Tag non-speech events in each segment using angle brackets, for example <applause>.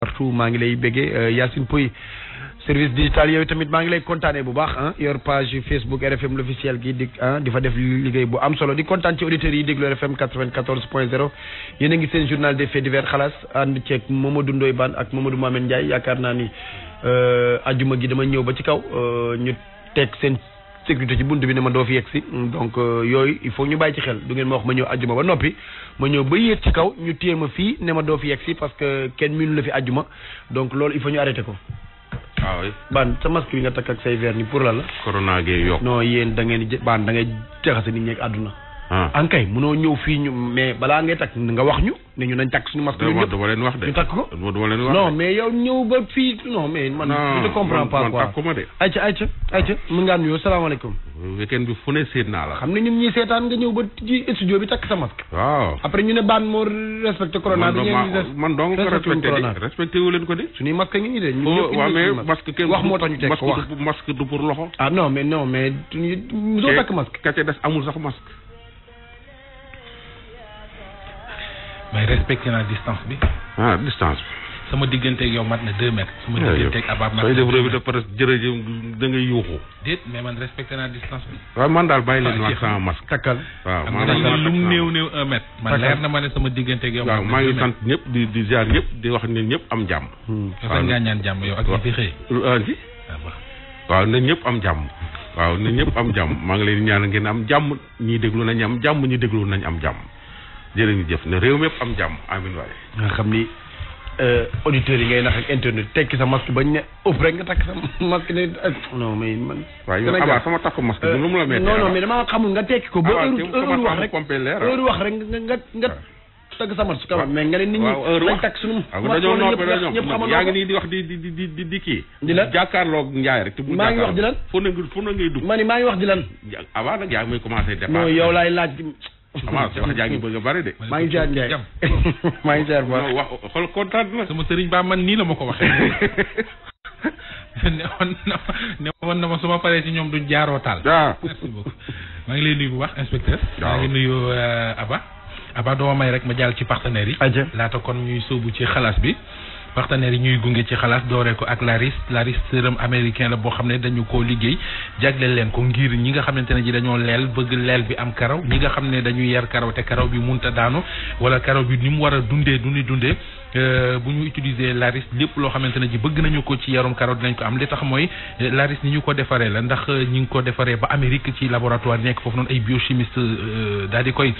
partout maa ngi lay béggee euh, Yacine Pouy service digital yooyu tamit maa ngi lay kontaanee bu baax ah yor page Facebook RFM l'officiel gi di ah di fa def liggéey bu am solo di kontaan ci auditeurs yi déglu RFM 94 point 0 yéen ngi seen journal des faits divers xalaas ànd ceeg Mamadou Ndoye Bane ak Mamadou Mohamed Ndiaye yaakaar naa ni euh, ajuma gi dama ñëw ba ci kaw euh, ñu teg seen sécurité ci bunt bi ne ma doo fi yegg si donc euh, yooyu il faut ñu bàyyi ci xel du ngeen ma wax ma ñëw ajjuma ba noppi ma ñëw ba yéeg ci kaw ñu téye ma fii ne ma doo fi yegg parce que kenn miinu la fi ajjuma donc loolu il faut ñu arrêté ko. waaw ah baan sa masque bi nga takk ak say verre ni pour la la. corona gee yokk non yéen da ngeen di baan da ngay jaxase nit ñeek ak àdduna. Ah. ankay munoo ñëw fii ñu mais balaa ngay takk nga wax ñu ne ñu nañ takk suñu masque ñu ñëpp dama leen wax de ñu takk mais yow ñëw ba man je ne comprends pas quoi takkuma de ayca ayca ayca mën ngaa nuyoo naa la xam ne ñun ñuy nga ñëw ba ci studio bi takk sa masque waaw ñu ne baan moo respecté corona man dong ko respecté di respecté wu leen ko de ñu oh, waaw wax moo tax ñu du pour loxo ah non mais non mais soo takk masque ka da amul sax masque mais respecté naa distance bi. ah distance sama digganteeg yow mat na deux mètres. sama ah, digganteeg abaab mat na deux mètres def revue de presse jërëjëf naa distance bi. waaw ah, man daal bàyyi leen wax sama masque. takkal waaw maanaam lu mu néew néew na ma ne sama digganteeg yow. waaw maa ngi sant ñëpp di di ziar ñëpp di wax ne ñëpp am jàmm. Hmm. waaw fan ngaa ñaan jàmm yow ak ñi fi xëy. Ah, waaw na ñëpp am jàmm. waaw na ñëpp am jàmm maa ngi leen ñaan ngeen am jàmm ñii déglu nañ am jàmm ñi déglu nañ am jàmm jërëngi jëf ne réew mépp am jàmm amin waaye nga xam ni euh, auditeurs yi ngay nax ak internet tekki sa masque bañ ne ëpp rek nga takk sa masque ne ah, non mais man waaye yow abaa sama takku masque du lu mu la metti non non mais dama xamul nga tekki ko ba heure wax rek heure wax rek nga nga ah. tagg sa masque kaw mais nga ne nit ñi lañ tak suñu dañu noor ba dañoo yaa ngi ni di wax di di di di di ki di jakarlo ak njaay rek te bu jakarlo ngi wax di lan fu na fu na ngay dugg ma ngi wax di lan abaa nak yaa ngi may commencé départ non yow lay laaj amaa soxna jaa ngi bëgg a de. maa ngi jaar Ndiaye maa ngi jaar ba wax xool kontaan la. sama sëriñ baa man nii la ma ko wax ne woon na ma na ma su ma paree ci ñoom duñ jaaroo taal. waaw maa ngi lay nuyu bu wax inspecteur. waaw maa ngi nuyu Aba. may rek ma jàll ci partenaires yi. laata kon ñuy sóobu ci xalaas bi. partenaires yi ñuy gunge ci xalaas dooree ko ak Laris Laris sérum américain la boo xam ne dañu koo liggéey jagleel leen ko ngir ñi nga xamante ne ji dañoo leel bëgg leel bi am karaw ñi nga xam ne dañuy yar karaw te karaw bi munta daanu wala karaw bi ni mu war a dundee du ni dundee euh, bu ñu utiliser laris lépp loo xamante ne ji bëgg nañu ko ci yarum karaw dinañ ko am li tax mooy euh, laris ni ñu ko defaree la ndax euh, ñi ngi ko defaree ba Amérique ci laboratoire nekk foofu noonu ay biochimiste daal di koy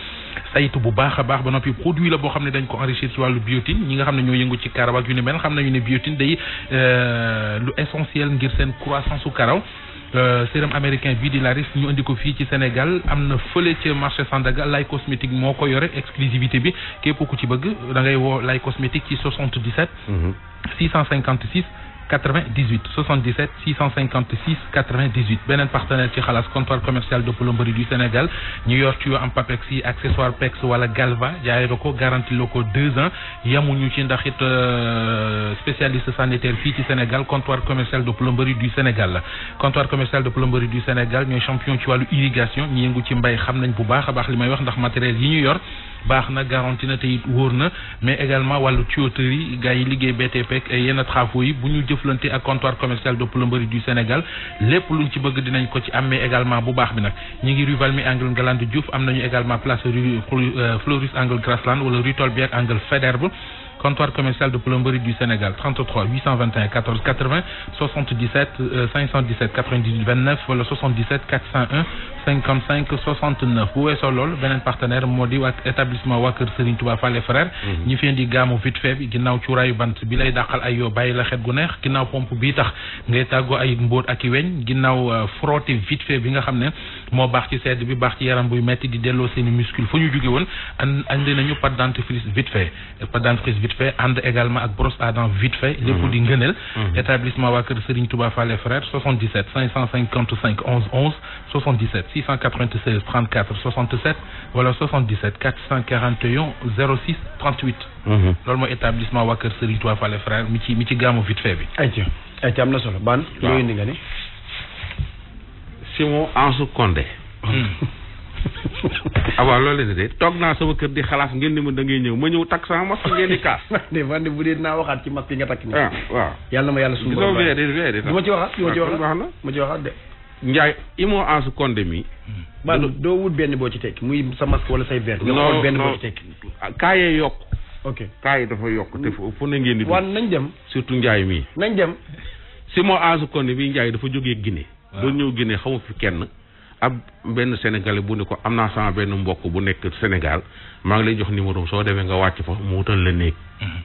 saytu bu baax a baax ba noppi produit la boo xam ne dañ ko enrichir ci wàllu biotine ñi nga xam ne ñoo yëngu ci karaw ak yu ne mel xam nañu ne biotine day lu essentiel ngir seen croissance su karaw Euh, sérum américain bii Laris ñu indi ko ci Sénégal amna feulé ci marché Sandaga lay cosmétique qui yoré exclusivité bi képp ku ci bëgg da ngay wo lay cosmétique ci 77. 656. Mhm. 98 77 656 98 benen partenaire ci xalas comptoir commercial de plomberie du Sénégal New York tu am un accessoire pex wala galva jaay la ko garantie garantie locale deux ans yamuñu ci ndax it euh, spécialiste sanitaire fi ci Sénégal comptoir commercial de plomberie du Sénégal comptoir commercial de plomberie du Sénégal ñoy champion ci walu irrigation ñi yëngu ci mbay xam nañ bu baax a baax li wax ndax matériel yi ñu yor baax na na te it na mais également walu tuyauterie gaay yi liggéey BTP ak yena travaux yi bu ñu jëflante à comptoir commercial de plomberie du Sénégal lépp luñ ci bëgg dinañ ko ci amé également bu baax bi nak ñi ngi rue Valmy angle galande Diouf amnañu également place rue Floris angle Grasland wala rue Tolbiac angle Federbe comptoir commercial de plomberie du Sénégal 33 821 14 80 77 517 98 29 voilà, 77 401 55 69 Où est Solol, un partenaire modi établissement waa kër Serigne Touba Fallé Frère mhm. ñi fi indi vite fait bi ginnaaw bant bi lay dàqal ay yoo bàyyi la xet gu neex ginnaaw pompe euh, vite fait nga moo baax ci sedd bi baax ci yaram buy metti di delloo seeni muscule fu ñu jóge woon andi nañu pâte dentifrice vite fait pâte dentifrice vite fait ànd également ak brosse à dents vite fait lépp di ngëneel mm-hmm. Mm-hmm. établissement waa kër Serigne Touba Fall 77 555 11 11 77 696 34 67 voilà, 77 441 06 38 loolu mooy établissement waa kër Serigne Touba Fall Frère mi ci mi ci vite fait bi ayca ayca am na solo ban ni nga ni Simon Ansu Condé. awa lolé dé tok na sama kër di xalaas ngeen ni mo da ngay ñëw ma ñëw tak sama masque ngeen di kaas. <laughs> né man de bu dee dinaa waxaat ci masque yi nga tak ni ah, waaw yalla ma yalla suñu do dé baax dé ma ci waxat du ma ci waxaat ma ci waxat dé Ndiaye Imo Ansu Condé mi. ba hmm. do wut benn bo ci tekki muy sa masque wala say vert nga xool benn bo ci tekki. Ah, kayé yok ok kayé dafa yok té fu na ngeen di. wan nañ dem surtout Ndiaye mi nañ dem Simon Ansu Condé bi Ndiaye dafa joggé Guinée. doon ñëw Guinée xamu fi kenn ab benn sénégalais bu ne ko am naa sama benn mbokk bu nekk Sénégal maa ngi lay jox numéro soo demee nga wàcc fa mu wutal la néeg mm-hmm.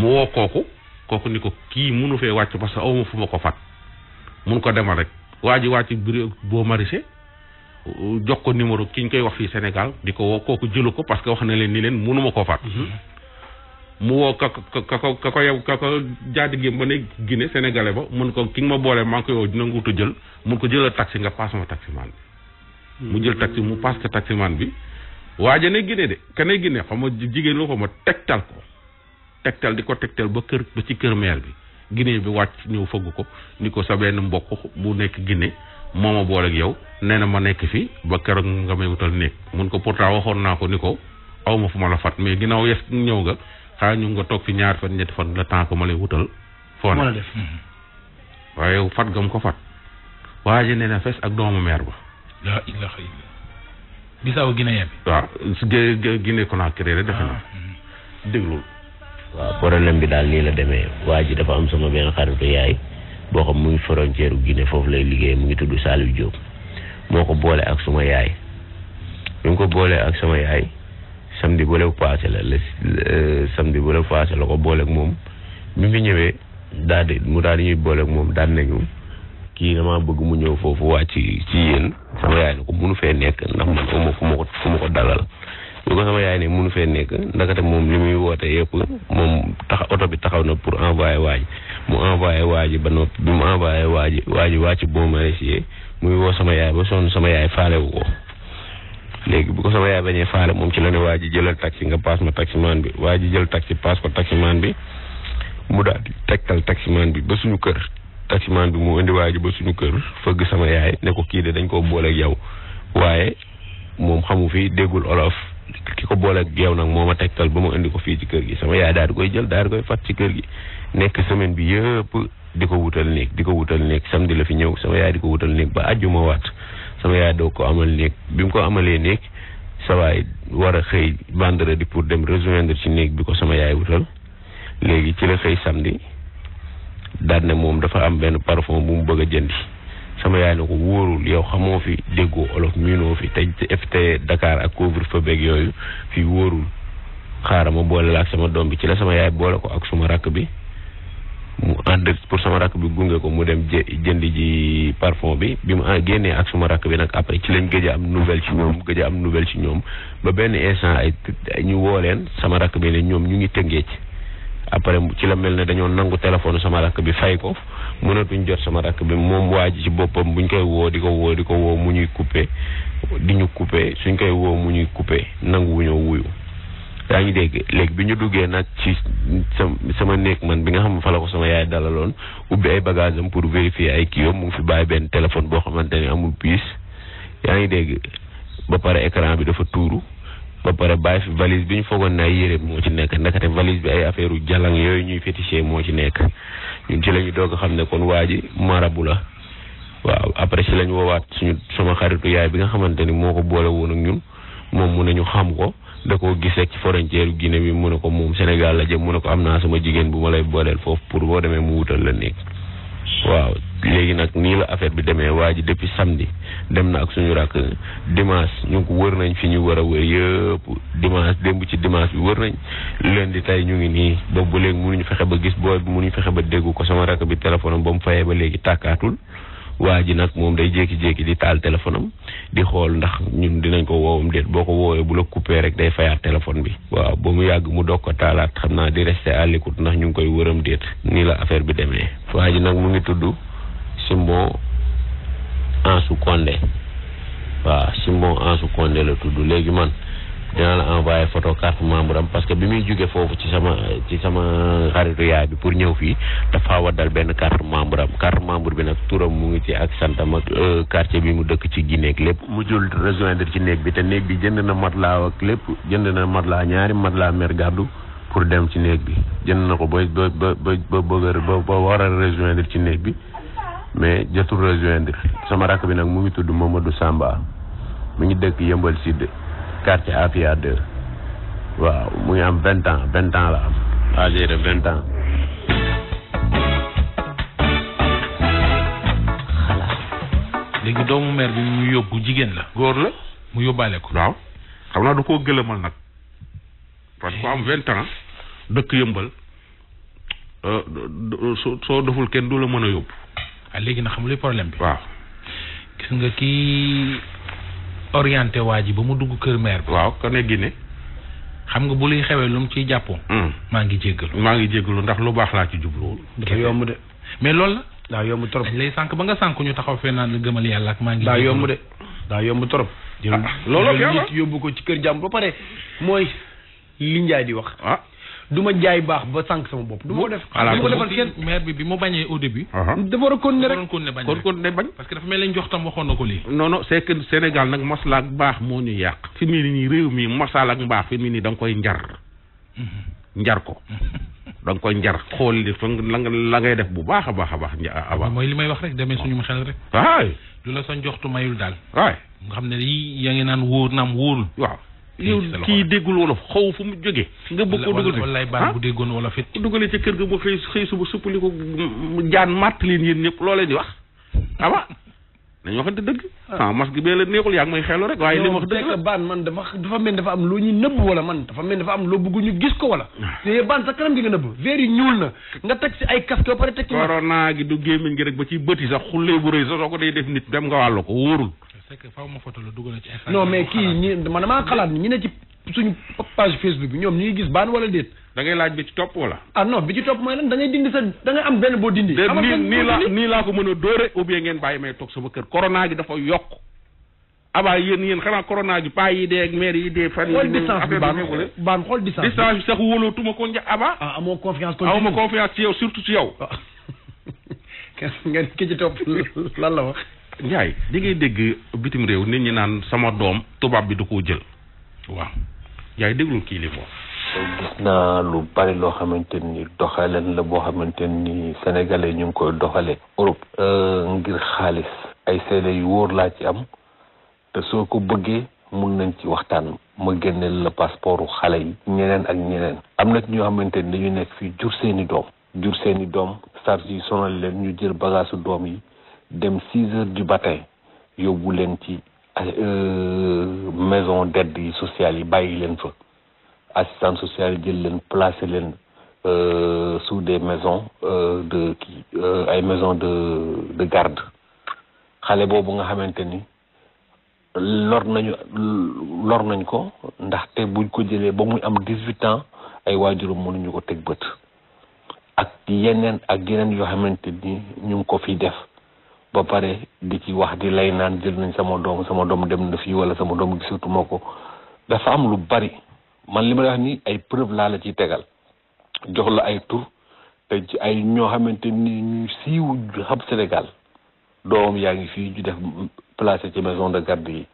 mu woo kooku kooku ni ko kii munu fee wàcc parce que ma fu ma ko fat mun ko demal rek waa ji wàcc bureau boo marisé jox ko numéro ki ñu koy wax fii Sénégal di ko woo kooku jëlu ko parce que wax na leen ni leen munuma ko fat mm-hmm. mu woo ka ka ka ko ka ko yow ka ko jaadigéem ba ne Guinée sénégalais ba mun ko ki nga ma boolee maa ngi ko yow dina nga wutu jël mun ko jëlal taxi nga paas ma taximaan bi mu jël taxi mu paas ko taximaan bi waaja ne Guinée de kane Guinée xam ma jigéen loo xam ma tegtal ko tegtal di ko tegtal ba kër ba ci kër meer bi Guinée bi wàcc ñëw fëgg ko ni ko sa benn mbokk bu nekk Guinée moo ma booleeg yow nee na ma nekk fi ba keroog nga may wutal néeg mun ko pourtant waxoon naa ko ni ko aw ma fu ma la fat mais ginnaaw yes ñëw nga xaa ñu nga toog fi ñaar fan ñetti fan le temps ma lay wutal foo ne def mhm. waaye fat gam ko fat waa ji na fes ak doomu meer ba la ilaha illa bisaaw Guinée bi waaw Guinée Conakry rek defe na ah, mhm. déglul waaw problème bi daal nii la demee waa ji dafa am sama benn xaritu yaay boo xam muy frontière u Guinée foofu lay liggéey mu ngi tudd Saliou Diop moo ko boole ak suma yaay mu ngi ko boolee ak sama yaay samedi bu la passé la la euh, samedi bu la passé la ko booleeg moom bi mu fi ñëwee daal di mu daal di ñuy booleeg moom daan nañu kii damaa bëgg mu ñëw foofu wàcc ci yéen sama yaay ne ko munu fee nekk ndax man uma fu ma ko fu ma ko dalal ñu ko sama yaay ne munu fee nekk ndakate moom li muy woote yëpp moom tax oto bi taxaw na pour envoyé waaji mu envoyé waaji ba noppi bi mu envoyé waaji waaji wàcc bon maraîcher muy woo sama yaay ba sonn sama yaay faalewu ko léegi bu ko sama yaay bañee faale moom ci la ne waa ji jëlal taxi nga paas ma taximaan bi waa ji jël taxi paas ko taximaan bi mu daal di tegtal taximaan bi ba suñu kër taximaan bi mu indi waa ji ba suñu kër fëgg sama yaay ne ko kii de dañ koo booleeg yow waaye moom xamu fi déggul olof ki ko booleeg yow nag moo ma tegtal ba mu indi ko fii ci kër gi sama yaay daal di koy jël daal di koy fat ci kër gi nekk semaine bi yëpp di ko wutal néeg di ko wutal néeg samedi la fi ñëw sama yaay di ko wutal néeg ba àjjuma waat sama yaay doo ko amal néeg bi mu ko amalee néeg sawaay war a xëy vendredi pour dem rejoindre ci néeg bi ko sama yaay wutal léegi ci la xëy samedi daan ne moom dafa am benn parfum bu mu bëgg a jëndi sama yaay ne ko wóorul yow xamoo fi déggoo olof miinoo fi te FT Dakar ak couvre-feu yooyu fii wóorul xaaral ma boole laa ak sama doom bi ci la sama yaay boole ko ak suma rakk bi mu ànd pour sama rakk bi gunge ko mu dem jë jënd ji parfum bi bi mu ah, génnee ak suma rakk bi nag après ci lañ gëj a am nouvelle ci ñoom gëj a am nouvelle ci ñoom ba benn instant ay ñu woo leen sama rakk bi ne ñoom ñu ngi tëngee ci après ci la mel ne dañoo nangu téléphone sama rakk bi fay ko mënatuñ jot sama rakk bi moom waa ji ci boppam ñu koy woo di ko woo di ko woo mu ñuy coupé di ñu coupé suñ koy woo mu ñuy coupé nangu wuñoo wuyu yaa ngi dégg léegi bi ñu duggee nag ci sama nek man bi nga xam fa la ko sama yaay dalaloon ubbi ay bagage am pour vérifier ay kii mu ngi fi bàyyi benn téléphone boo xamante ne amul piis yaa ngi dégg ba pare écran bi dafa tuuru ba pare bàyyi fi valise bi ñu foogoon ne ay yére moo ci nekk valise bi ay affaire jalang yooyu ñuy fétiché moo ci nekk ñun ci lañu doog kon waa ji marabu la waaw après ci lañu woowaat suñu sama xaritu yaay bi nga xamante ni moo ko ak ñun moom mu ne xam ko da koo gis rek ci frontière gu Guinée bi mu ne ko moom Sénégal la jëm mu ne ko am naa sama jigéen bu ma lay booleel foofu pour boo demee mu wutal la néeg waaw léegi nag nii la affaire bi demee waa ji depuis samedi dem na ak suñu rakk dimanche ñu ko wër nañ fi ñu war a wër yëpp dimanche démb ci dimanche bi wër nañ leen di tey ñu ngi nii boobu ba léegi mënuñu fexe ba gis booy bi mënuñu fexe ba déggu ko sama rakk bi téléphone ba mu fayee ba léegi tàkkaatul waa ji nag moom day jékki-jékki di taal téléphone di xool ndax ñu dinañ ko woowam déet boo ko woowee bu la coupé rek day fayaat téléphone bi waaw ba mu yàgg mu dog ko taalaat xam naa di resté à ndax ñu ngi koy wëram déet nii la affaire bi demee waa ji nag mu ngi tudd Simon Ansou Condé waaw Simon Ansou konde la tudd léegi man dina en baye photo carte membre parce que bi mi joggé fofu ci sama ci sama xaritu yaay bi pour ñëw fii dafa waddal ben carte membre am carte membre bi nak touram mu ngi ci ak santam ak quartier bi mu dëkk ci Guinée lépp mu jël rejoindre ci néeg bi té néeg bi jënd na matlaa ak lépp jënd na matlaa ñaari matlaa mer gàddu pour dem ci néeg bi jënd na ko ba ba ba ba bëgg ba ba wara rejoindre ci néeg bi mais jëtu rejoindre sama rak bi nak mu ngi tuddu Mamadou Samba mu ngi dëkk yëmbal sidde quartier Afia 2 waaw mu ngi am vingt ans vingt ans la am âgé de vingt ans xala léegi doomu mère bi mu yóbbu jigéen la góor la mu yóbbaale ko waaw xam naa da koo gëlëmal nag parce que am vingt ans dëkk yëmbal euh, soo soo kenn du la mën a yóbbu ah léegi na xam luy problème bi waaw gis nga kii orienté waa ji ba mu dugg kër maire bi. waaw ka ne Guinée. xam nga bu luy xewee lu mu ciy jàppoo. Hmm. maa ngi jéggalu. maa ngi jéggalu ndax lu baax laa ci jubluwul. dafa yomb de. mais loolu la. daa yomb trop dañ ba nga sànq ñu taxaw fee naan la gëmal yàlla ak maa ngi. daa yomb de daa yomb trop. Ah, looloo nit yóbbu ko ci kër jàmm ba pare mooy li Njaay di wax. Ah. duma jaay bax ba sank sama bop duma def duma ko defal kenn maire bi bi mu bañé au début dafa wara ne rek kon ne bañ kon ne bañ parce que dafa melni jox tam waxon nako li non non c'est que sénégal nak masla ak bax mo ñu yaq fi mi ni rew mi masal ak bax fi mi ni dang koy njar mhm. njar ko <laughs> dang koy njar xol li fa la ngay def bu baaxa baaxa baax aba moy limay wax rek demé suñu xel rek ay dula sa joxtu mayul dal ay nga xamné yi ya ngi nan woor nam woorul waaw yow kii déggul wolof xaw fu mu jógee nga bëgg ko dugal wallaay baax bu ah? déggoon wolof it dugalee ca kër ga ba xëy xëy suba suppali jaan màtt leen yéen ñëpp loo leen di wax ama nañ waxante dëgg ah masque bee la neexul yaa ngi may xeelu waaye li ma dëgg la baan man dafa dafa mel dafa am loo ñu nëbb wala man dafa mel dafa am loo bëgg ñu gis ko wala ah. te baan sa kanam gi nga nëbb verre yi ñuul na nga teg si ay casque ba pare teg ci corona gi du gémmiñ gi rek ba ci bëti sax xullee bu rëy sax soo ko day def nit dem nga wàllu ko wóorul c'est que faaw ma photo la dugal mais kii ñi man damaa xalaat ni ñu ne ci suñu page Facebook bi ñoom ñu ngi gis baan wala déet. da ngay laaj bi ci topp wala. ah non bi ci topp mooy lan da ngay dindi sa da ngay am benn boo dindi. am nii nii laa nii laa ko mën a dóore ou bien ngeen bàyyi may toog sama kër corona gi dafa yokk abaa yéen yéen xanaa corona gi paa yi dee ak maire yi dee. fan yi xool distance bi baan xool distance bi distance bi sax wóolootuma ko nja abaa. ah amoo confiance kon amoo confiance ci yow surtout ci yow. <laughs> nga lan la wax. Ndiaye di ngay dégg bitim réew nit ñi naan sama doom tubaab bi du ko jël waaw Ndiaye déglul kii li moom. gis naa lu bari loo xamante ni doxaleen la boo xamante ni sénégalais ñu ngi koy doxalee. Europe euh, ngir xaalis. ay seede yu wóor laa ci am te soo ko bëggee mun nañ ci waxtaan. ma génneel la passeportu xale yi. ñeneen ak ñeneen. am na ci ñoo xamante ni dañu nekk fii jur seeni doom. jur seeni doom charge yi sonal leen ñu jël bagage doom yi. dem six heures du matin yóbbu leen ci euh, maison d'aide yi sociale yi bàyyi leen fa assistance sociale yi jël leen placé leen euh, sous de maisons euh, de kii ay maison de de garde xale boobu nga xamante ni lor nañu lor nañ ko ndaxte buñ ko jëlee ba muy am dix-huit ans ay waajuram mënuñu ko teg bët ak yeneen ak yeneen yoo xamante ni ñu ngi ko fi def ba pare di ci wax di lay naan jël nañ sama doom sama doom dem na fii wala sama doom gisatu ma ko dafa am lu bari man li ma wax ni ay preuve laa la ciy tegal jox la ay tur te ci ay ñoo xamante ni ñu siiw xam Sénégal doomam yaa ngi fii ju def placé ci maison de garde yi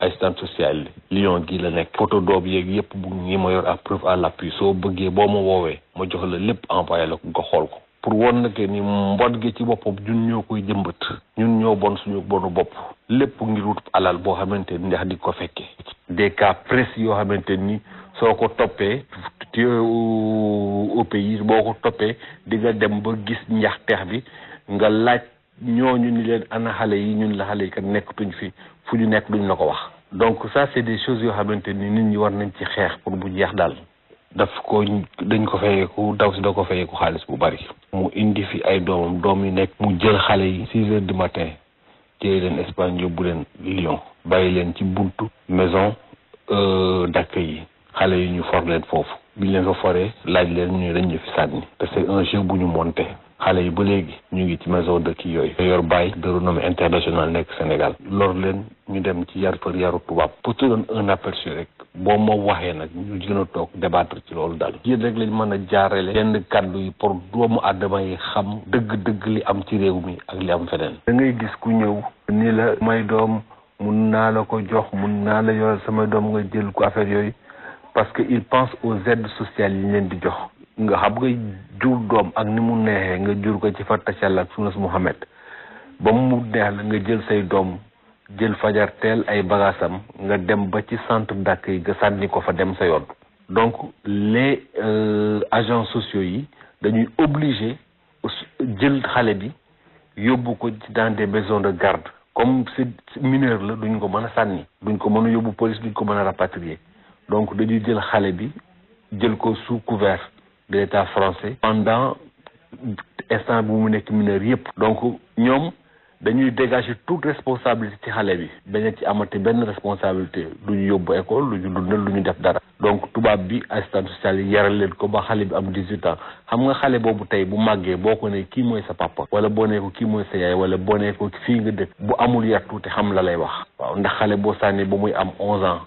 assistante sociale li Lyon gii la nekk photo doom yeeg yëpp bu ngi ma yor à preuve à l'appui soo bëggee boo ma woowee ma jox la lépp envoyé la ko nga xool ko pour won na ke ni mbon gi ci bopp ñun ñoo koy jëmbat ñun ñoo bon suñu bonu bopp lépp ngir wut alal boo xamante ni ndax di ko fekkee des cas précis yoo xamante ni soo ko toppee ti euh, au pays boo ko toppee di nga dem ba gis njax teex bi nga laaj ñoo ñooñu ni leen ana xale yi ñun la xale yi kat nekkatuñ fi fu ñu nekk duñ la ko wax donc ça c'est des choses yoo xamante ni nit ñi war nañ ci xeex pour bu jeex daal Da fko den kofeyekou, da fsi don kofeyekou khales pou bari. Mou indifi ay don, mou dominek, mou djel khaleyi. 6 et di maten, djel en espanjou boulen vilyon. Baye lyen ki bountou, mezon, euh, dakeyi. Khaleyi nyo fornet fofou. Bilyen zo fore, la djel nyo renyo fisadni. Pese anjou boulen mwantey. xale yi ba léegi ñu ngi ci maison de kii yooyu yor bàyyi de renommée internationale nekk Sénégal lor leen ñu dem ci yar fër yaru tubaab pour te doon un aperçu rek boo moom waxee nag ñu gën a toog débatre ci loolu daal yéen rek lañ mën a jaarale yenn kàddu yi pour doomu aadama yi xam dëgg-dëgg li am ci réew mi ak li am feneen dangay gis ku ñëw nii la may doom mun naa la ko jox mun naa la yoral sama doom nga jël ko affaire yooyu parce que il pense aux aides yi ñu leen di jox nga xam nga jur doom ak ni mu neexee nga jur ko ci fàttali yàlla ak sunnas Muhammad ba mu neex la nga jël say doom jël fajar teel ay bagaasam nga dem ba ci centre d'accueil yi nga sànni ko fa dem sa yoon. donc les euh, agents sociaux yi dañuy obligé jël xale bi yóbbu ko ci dans des maisons de garde comme c'est mineur la duñ ko mën a sànni. duñ ko mën a yóbbu police duñ ko mën a rapatrier donc dañuy jël xale bi jël ko sous couvert. de l'Etat Fransè, pandan estan bou mwenè ki mwenè riep. Donkou, nyom, denyou degajou tout responsablite ti halebi. Benyè ti amate ben responsablite louni yo bou ekol, louni louni dapdara. Donkou, touba bi estan sosiali yer lèd koba halebi am 18 an. Hamwen halebo botey, bou magè, bou konè ki mwenè sa papa, wèle bonè kou ki mwenè sa yè, wèle bonè kou ki fin gèdè, bou amoulia toutè, ham lalè wak. Onda halebo sanè, bou mwenè am 11 an.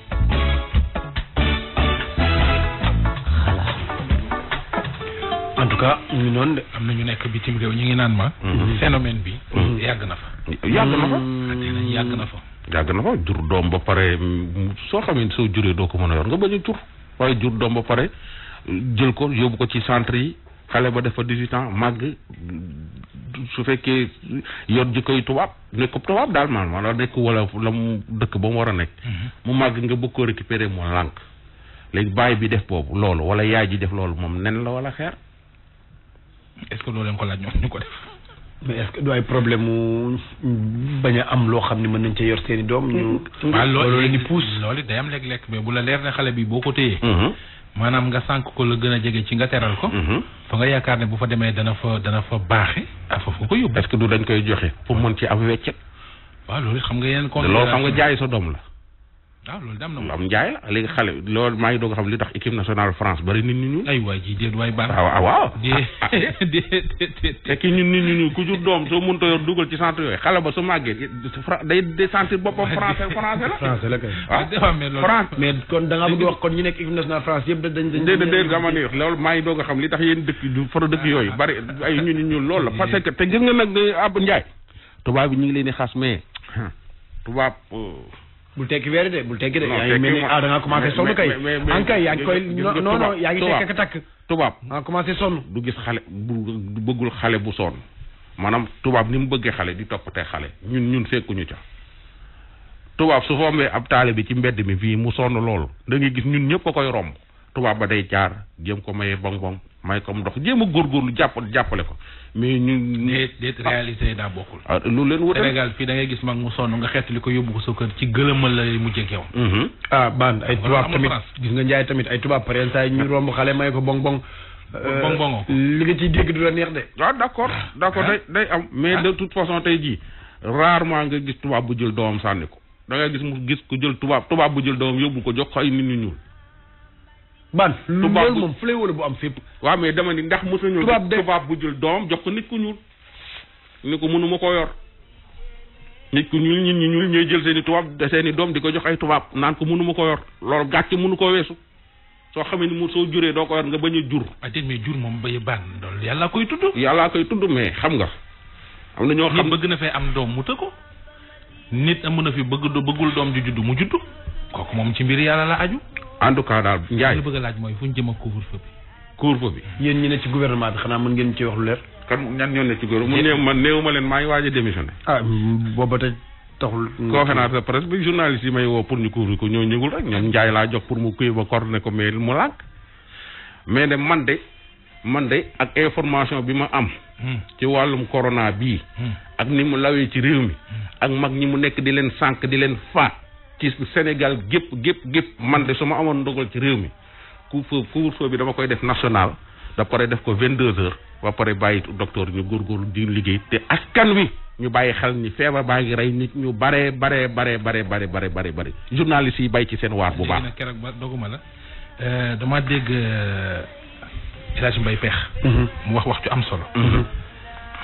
cas ñu noonu de am na ñu nekk bitim réew ñu ngi naan ma. Mm-hmm. Mm-hmm. phénomène bi. Mm-hmm. yàgg na fa. yàgg na fa. yàgg na fa. yàgg na fa jur doom ba pare soo xamee soo juree doo ko mën a yor nga bañ a jur jur doom ba pare jël ko yóbbu ko ci centre yi xale ba def dafa 18 ans màgg su fekkee yor jikkoy tubaab nekk tubaab daal man wala nekk wala la mu dëkk ba mu war a nekk. mu màgg nga bëgg koo récupérer mu lànk léegi bàyyi bi def boobu loolu wala yaay ji def loolu moom nen la wala xeer. est-ce que loolu ko laaj ñoom ñu ko def. mais est-ce ay problème mu bañ a am loo xam ne mën nañ cee yor seen i doom. ñu loolu leen di puus loolu day am lekk-lekk bu la leer ne xale bi boo ko téyee. Mm-hmm. maanaam nga sànq ko la gën a jege ci nga teral ko. Mm-hmm. fa nga yaakaar ne bu fa demee dana fa dana fa baaxe a ah, foofu ko yóbbu. est du dañ koy joxe pour mën ci am weccet. waaw loolu xam nga yeneen. kon loolu xam nga jaay sa doom la. waaw ah, loolu dam na am njaay la léegi xale loolu maa ngi doog xam li tax équipe nationale France bari nit ñu ñu ay waay ji déet waay baax ñun ah, <laughs> ah, <laughs> nit ñu ñu ku jur doom soo mënta dugal ci centre yooyu xale ba su màggee day day sentir boppam français français la français kon da nga bëgg wax kon ñu nekk équipe yëpp dañ dañ déedéet déedéet dama ne maa ngi doog xam li tax yéen dëkk du fara dëkk yooyu bari ay ñu ñu loolu la parce que te gis nga nag ab njaay tubaab bi ñu ngi leen di xas mais tubaab euh, bul tekki weer de bul tekki de. yaa ngi mel ni ah sonn kay. an kay yaa ngi koy non non yaa ngi tekk ka takk. tubaab ah commencé sonn. du gis xale bu bëggul xale bu sonn maanaam tubaab ni mu bëggee xale di toppatee xale ñun ñun fekkuñu ca. tubaab su fombee ab taale bi ci mbedd mi fii mu sonn loolu da gis ñun ñëpp koy romb. tubaab ba day caar jëm ko maye bong bong may ko ndox jéem a góorgóorlu jàpp jàppale ko mais ñu. déet déet réalité daa bokkul. Ah, lu leen wutale Sénégal fii da ngay gis mag mu nga xeetali ko yóbbu ko sa kër ci gëlëmal la mujjee ak yow. Mhm. ah baan ay tubaab tamit gis nga njaay tamit ay tubaab pare saa ñu romb xale may ko bong bong. bong bong euh, li nga ciy dégg du la neex de. waaw ah, d' d' accord ah. day day am mais de toute façon tey jii rarement nga gis tubaab bu jël doomam sànni ko da ngay gis mu gis ku jël tubaab tubaab bu jël doomam yóbbu ko jox ko ay nit ñu ñuul ban loolu moom fléau la bu am fii waa mais dama ni ndax mosuñu tubaab bu jël doom jox ko nit ku ñuul ko mënuma koo yor nit ku ñuul ñun ñu ñuul jël seen i tubaab seen i doom di ko jox ay tubaab naan mënuma koo yor loolu gàcce mënu koo weesu soo xamee ni mu soo juree doo ko yor nga bañ a jur ah déet mais jur moom bay koy tudd yàllaa koy tudd mais xam nga am na ñoo xam bëgg na fee am doom mu ko nit amun na fi bëgg bëggul doom ju judd mu judd kooku moom ci mbir yàlla la aju en tout cas daal Ndiaye li bëgg laaj moy fuñu jëm a couvre-feu bi. couvre-feu bi. yeen ñi ne ci gouvernement bi xana mën ngeen ci wax lu leer. kan ñan ñoo ne ci gouvernement mu neew ma neewuma ma leen maa ngi waaj a ah boba ta taxul. ko xana sa presse bi journaliste yi may wo pour ñu couvre ko ñoo ñëgul rek ñoom Ndiaye la jox pour mu kuy ba corne ko mail mu lank mais de man de man de ak information bi ma am. Hmm. ci walum corona bi hmm. ak ni mu lawé ci réew mi. Hmm. ak mag ñi mu nekk di leen sank di leen faat. kiis bu Sénégal gépp gépp gépp man de su ma amoon ndogal ci réew mi couvre-feu couvre-feu bi dama koy def national da pare def ko vingt deux heures ba pare bàyyi docteur ñu góor góorgóorlu di liggéey te askan wi ñu bàyyi xel ni feebar baa ngi rey nit ñu bare bare bare bare bare bare bare bare journalistes yi bàyyi ci seen waar bu baax. keroog ba doguma la euh, damaa dégg euh, El Hadj Mbaye Peex mhm. mu wax wax ju am solo. Mhm.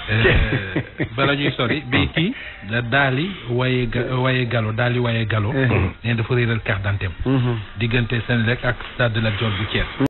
Eh, bala ñuy sori <laughs> béykat daali waye ga waye galo daali waye galo. Eh. nee dafa réeral carte dante am mm-hmm. diggante Senelec ak stade de Lat Dior bu Thiès.